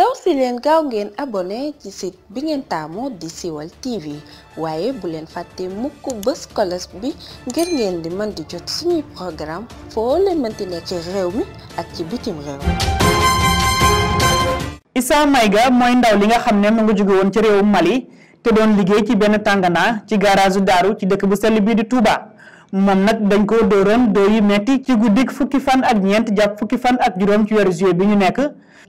daw si leen ngeen abonné ci bi ngeen taamu di Siweul TV waaye bu leen fàtte mukk bés kolos bi ngir ngeen di mën di jot suñuy programme foo mënti nekk réew mi ak ci bitim réew Issa Maïga mooy ndaw li nga xam ne mu ngi jóge woon ci réewum Mali te doon liggéey ci benn tànganaa ci garage daaru ci dëkk bu sell bii di Touba man nag dañ ko dóoroon doo yu metti ci guddik fukki fan ak ñeent jàpp fukki fan ak juróom ci weeru juillet bi ñu nekk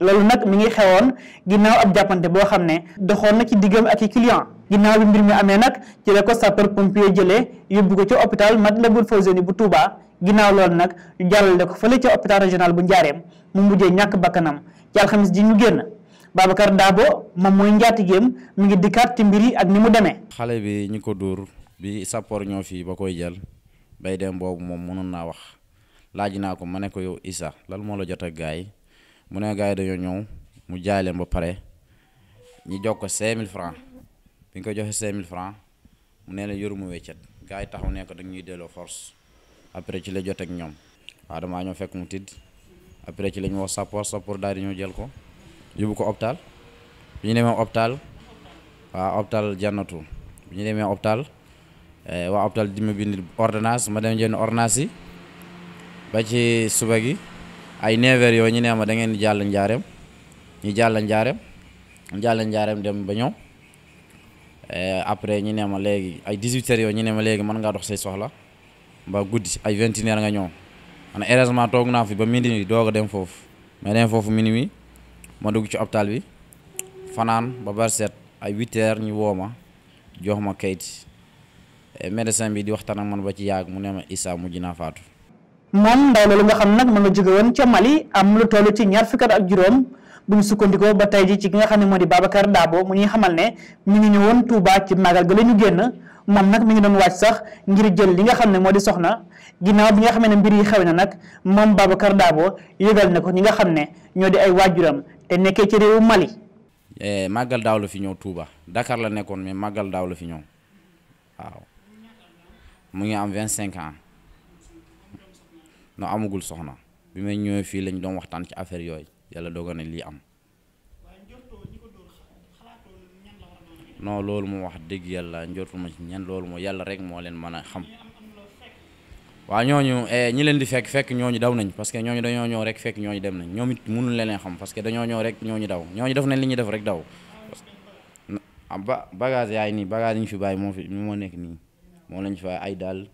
loolu nag mu ngi xewoon ginnaaw ab jàppante boo xam ne doxoon na ci diggam ak i client ginnaaw bi mbir mi amee nag ci ko sapeur pompier jëlee yóbbu ko ci hôpital Matlaboul Fawzeyni bu Touba ginnaaw loolu nag ñu jàllale ko fële ca hôpital régional bu Njaareem mu mujjee ñàkk bakkanam ci alxamis ji ñu génn Babacar Dabo moom mooy njaatigeem mu ngi dikkaat ci mbir yi ak ni mu demee. xale bi ñu ko dóor bi sapeur ñoo fii ba koy jël. bay dem boobu moom mënoon naa wax laaj naa ko ma ne ko yow Issa lan moo la jot ak gars mu ne gars yi dañoo ñëw mu jaay leen ba pare ñu jox ko 5000 francs bi ñu ko joxee 5000 francs mu ne la yoruma weccet gars yi taxaw ne ko dañ ñuy delloo force après ci la jot ak ñoom waaw damaa ñoo fekk mu tidd après ci la ñu wax sappoor sappoor daal di ñëw jël ko yóbbu ko hôpital bi ñu demee hôpital waaw hôpital jannatu bi ñu demee hôpital Eh, waa hôpital di ma bind ordonnance ma dem jënd ordonnance yi ba ci suba gi ay 9 yoo ñu nee ma da di jàll njaareem ñu jàll njaareem jàll njaareem dem ba ñëw eh, après ñu nee ma léegi ay 18 yoo ñu nee ma léegi mën ngaa dox say soxla ba guddi ay 21h nga ñoom man heureusement toog naa fi ba minuit doog a dem foofu ma dem foofu minuit ma dugg ci hôpital bi fanaan ba bar ay 8h ñu woo ma jox ma kayit. Eh, médecin bi di waxtaan ak man ba ci yaag mu ne ma Issa mujj naa faatu. moom ndaw loolu nga xam nag ma nga jóge woon ca Mali am lu toll ci ñaar fukki ak juróom bu ñu sukkandikoo ba tey ji ci ki nga xam ne moo di Babacar Dabo mu ñuy xamal ne ñu ngi ñëwoon Touba ci magal ga la ñu génn moom nag mi ngi doon waaj sax ngir jël li nga xam ne moo di soxna ginnaaw bi nga xam ne mbir yi xew na nag moom Babacar Dabo yëgal na ko ñi nga xam ne ñoo di ay waajuram te nekkee ci réewu Mali. Eh, màggal daaw la fi ñëw Touba Dakar la nekkoon mais màggal daaw la fi ñëw waaw. mu ngi am vingt cinq ans no amagul soxna bi may ñëwee fii lañ doon waxtaan ci affaire yooyu yàlla dogal na lii am non loolu moo wax dégg yàlla ma ci ñan loolu moo yàlla rek moo leen mën a xam waaw ñooñu eh, ñi leen di fekk fekk ñooñu daw nañ parce que ñooñu dañoo ñëw rek fekk ñooñu dem nañ ñoom it mënul leen xam parce que dañoo ñëw rek ñooñu daw ñooñu def nañ li ñuy def rek daw ah, ba bagage yaay nii bagage yi ñu fi bàyyi moo fi moo nekk nii moom lañ fi bàyyi ay daal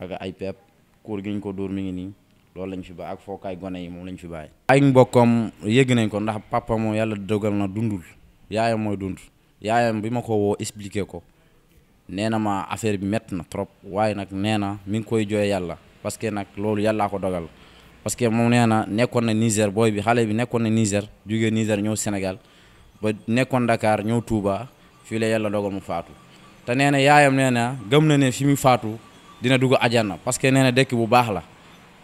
ak ay pepp kuur gi ñu ko dóor mi ngi nii loolu lañ fi bàyyi ak fookaay gone yi moom lañ fi bàyyi. ay mbokkam yëgg nañ ko ndax papa yàlla dogal na dundul yaayam mooy dund yaayam bi ma ko woo expliqué ko nee na ma affaire bi métti na trop waaye nag nee na mi ngi koy jooy yàlla parce que nag loolu yàllaa ko dogal parce que moom nee na nekkoon na Niger booy bi xale bi nekkoon na Niger jógee Niger ñëw senegal ba nekkoon Dakar ñëw Touba yàlla dogal mu faatu. te nee na yaayam nee na gëm na ne fi mu faatu dina dugg àjjana parce que nee na dëkk bu baax la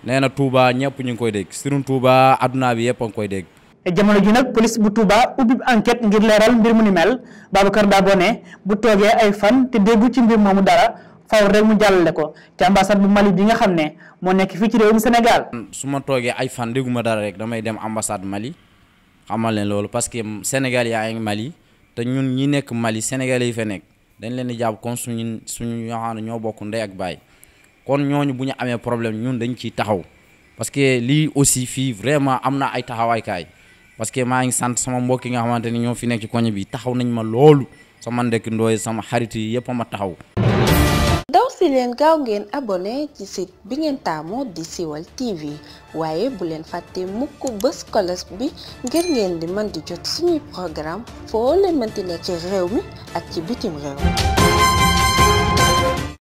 nee na Touba ñëpp ñu ngi koy dégg sunu tuuba adduna bi yëpp nga koy dégg. E jamono ji nag police bu Touba ubbi enquête ngir leeral mbir mu ni mel Babacar Dabone bu toogee ay fan te déggu ci mbir mu dara faw rek mu jàllale ko te ambassade bu Mali bi nga xam ne moo nekk fii ci réewum senegal su ma toogee ay fan dégguma dara rek damay dem ambassade Mali xamal leen loolu parce que Sénégal yaa ngi Mali te ñun ñi nekk Mali Sénégalais yi fa nekk. dañ leen di jàpp kon suñu suñu yoxaana ñoo bokku ndey ak baay kon ñooñu bu ñu amee problème ñun dañ ciy taxaw parce que lii aussi fii vraiment am na ay taxawaaykaay parce que maa ngi sant sama mbokk yi nga xamante ni ñoo fi nekk ci koñ bi taxaw nañ ma loolu sama ndekk ndooy sama xarit yi yëpp a ma taxaw ndaw si leen gaaw ngeen abonné ci site bi ngeen taamoo di Siweul TV waaye bu leen fàtte mukk bës kolos bi ngir leen di mën di jot suñuy programme foo leen mënti nekk ci réew mi ak ci bitim réew